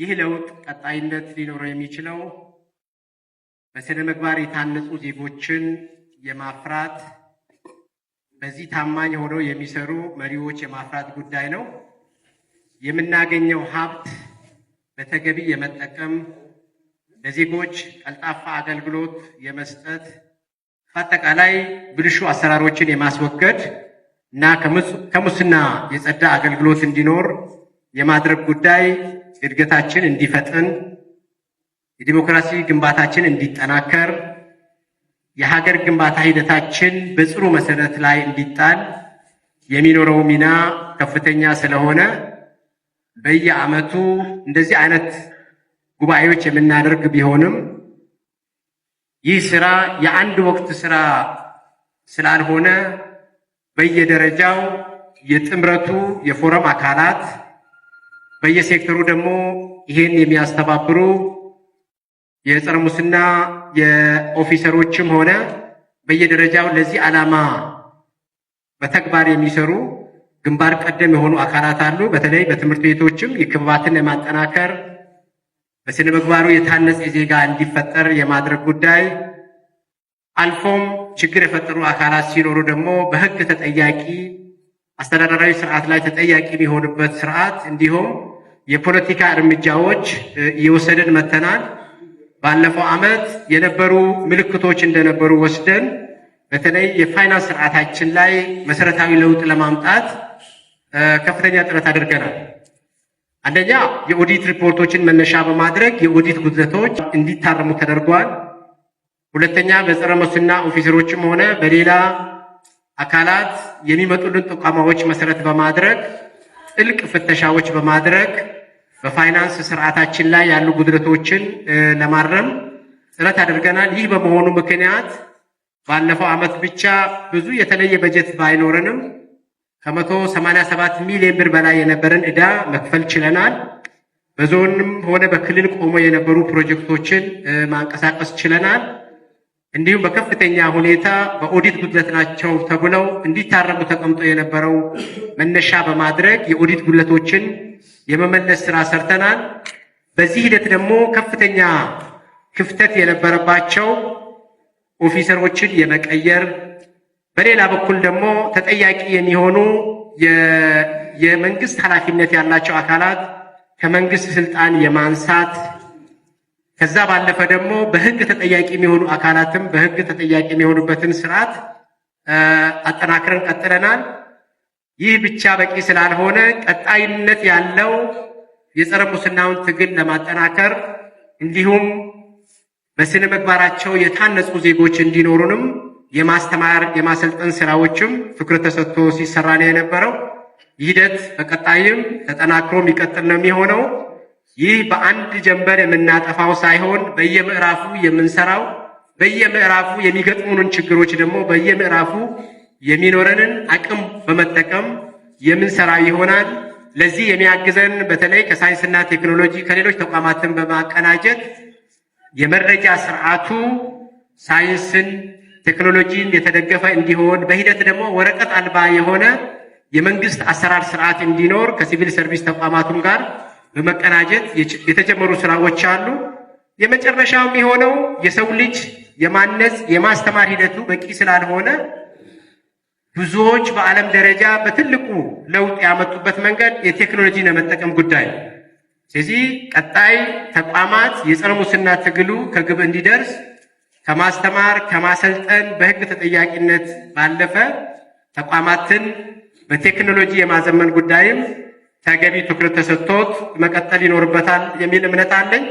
ይህ ለውጥ ቀጣይነት ሊኖረው የሚችለው በሥነ ምግባር የታነጹ ዜጎችን የማፍራት በዚህ ታማኝ ሆነው የሚሰሩ መሪዎች የማፍራት ጉዳይ ነው። የምናገኘው ሀብት በተገቢ የመጠቀም ለዜጎች ቀልጣፋ አገልግሎት የመስጠት በአጠቃላይ ብልሹ አሰራሮችን የማስወገድ እና ከሙስና የጸዳ አገልግሎት እንዲኖር የማድረግ ጉዳይ እድገታችን እንዲፈጥን፣ የዲሞክራሲ ግንባታችን እንዲጠናከር፣ የሀገር ግንባታ ሂደታችን በጽሩ መሰረት ላይ እንዲጣል የሚኖረው ሚና ከፍተኛ ስለሆነ በየዓመቱ እንደዚህ አይነት ጉባኤዎች የምናደርግ ቢሆንም ይህ ስራ የአንድ ወቅት ስራ ስላልሆነ በየደረጃው የጥምረቱ የፎረም አካላት በየሴክተሩ ደግሞ ይህን የሚያስተባብሩ የጸረ ሙስና የኦፊሰሮችም ሆነ በየደረጃው ለዚህ ዓላማ በተግባር የሚሰሩ ግንባር ቀደም የሆኑ አካላት አሉ። በተለይ በትምህርት ቤቶችም የክብባትን የማጠናከር በስነ ምግባሩ የታነጸ ዜጋ እንዲፈጠር የማድረግ ጉዳይ አልፎም ችግር የፈጠሩ አካላት ሲኖሩ ደግሞ በሕግ ተጠያቂ አስተዳደራዊ ስርዓት ላይ ተጠያቂ የሚሆንበት ስርዓት እንዲሁም የፖለቲካ እርምጃዎች እየወሰደን መተናል። ባለፈው ዓመት የነበሩ ምልክቶች እንደነበሩ ወስደን በተለይ የፋይናንስ ስርዓታችን ላይ መሰረታዊ ለውጥ ለማምጣት ከፍተኛ ጥረት አድርገናል። አንደኛ የኦዲት ሪፖርቶችን መነሻ በማድረግ የኦዲት ጉድለቶች እንዲታረሙ ተደርጓል። ሁለተኛ በጸረ ሙስና ኦፊሰሮችም ሆነ በሌላ አካላት የሚመጡልን ጥቆማዎች መሰረት በማድረግ ጥልቅ ፍተሻዎች በማድረግ በፋይናንስ ስርዓታችን ላይ ያሉ ጉድለቶችን ለማረም ጥረት አድርገናል። ይህ በመሆኑ ምክንያት ባለፈው ዓመት ብቻ ብዙ የተለየ በጀት ባይኖረንም ከ187 ሚሊዮን ብር በላይ የነበረን ዕዳ መክፈል ችለናል። በዞንም ሆነ በክልል ቆሞ የነበሩ ፕሮጀክቶችን ማንቀሳቀስ ችለናል። እንዲሁም በከፍተኛ ሁኔታ በኦዲት ጉድለት ናቸው ተብለው እንዲታረሙ ተቀምጦ የነበረው መነሻ በማድረግ የኦዲት ጉድለቶችን የመመለስ ስራ ሰርተናል። በዚህ ሂደት ደግሞ ከፍተኛ ክፍተት የነበረባቸው ኦፊሰሮችን የመቀየር በሌላ በኩል ደግሞ ተጠያቂ የሚሆኑ የመንግስት ኃላፊነት ያላቸው አካላት ከመንግስት ስልጣን የማንሳት ከዛ ባለፈ ደግሞ በህግ ተጠያቂ የሚሆኑ አካላትም በህግ ተጠያቂ የሚሆኑበትን ስርዓት አጠናክረን ቀጥለናል። ይህ ብቻ በቂ ስላልሆነ ቀጣይነት ያለው የጸረ ሙስናውን ትግል ለማጠናከር እንዲሁም በስነ ምግባራቸው የታነጹ ዜጎች እንዲኖሩንም የማስተማር የማሰልጠን ስራዎችም ትኩረት ተሰጥቶ ሲሰራ ነው የነበረው። ሂደት በቀጣይም ተጠናክሮ የሚቀጥል ነው የሚሆነው። ይህ በአንድ ጀንበር የምናጠፋው ሳይሆን በየምዕራፉ የምንሰራው በየምዕራፉ የሚገጥሙንን ችግሮች ደግሞ በየምዕራፉ የሚኖረንን አቅም በመጠቀም የምንሰራ ይሆናል። ለዚህ የሚያግዘን በተለይ ከሳይንስና ቴክኖሎጂ ከሌሎች ተቋማትን በማቀናጀት የመረጃ ስርዓቱ ሳይንስን ቴክኖሎጂን የተደገፈ እንዲሆን በሂደት ደግሞ ወረቀት አልባ የሆነ የመንግስት አሰራር ስርዓት እንዲኖር ከሲቪል ሰርቪስ ተቋማቱም ጋር በመቀናጀት የተጀመሩ ስራዎች አሉ። የመጨረሻው የሚሆነው የሰው ልጅ የማነጽ የማስተማር ሂደቱ በቂ ስላልሆነ ብዙዎች በዓለም ደረጃ በትልቁ ለውጥ ያመጡበት መንገድ የቴክኖሎጂ የመጠቀም ጉዳይ ነው። ስለዚህ ቀጣይ ተቋማት የጸረ ሙስና ትግሉ ከግብ እንዲደርስ ከማስተማር ከማሰልጠን፣ በህግ ተጠያቂነት ባለፈ ተቋማትን በቴክኖሎጂ የማዘመን ጉዳይም ተገቢ ትኩረት ተሰጥቶት መቀጠል ይኖርበታል የሚል እምነት አለኝ።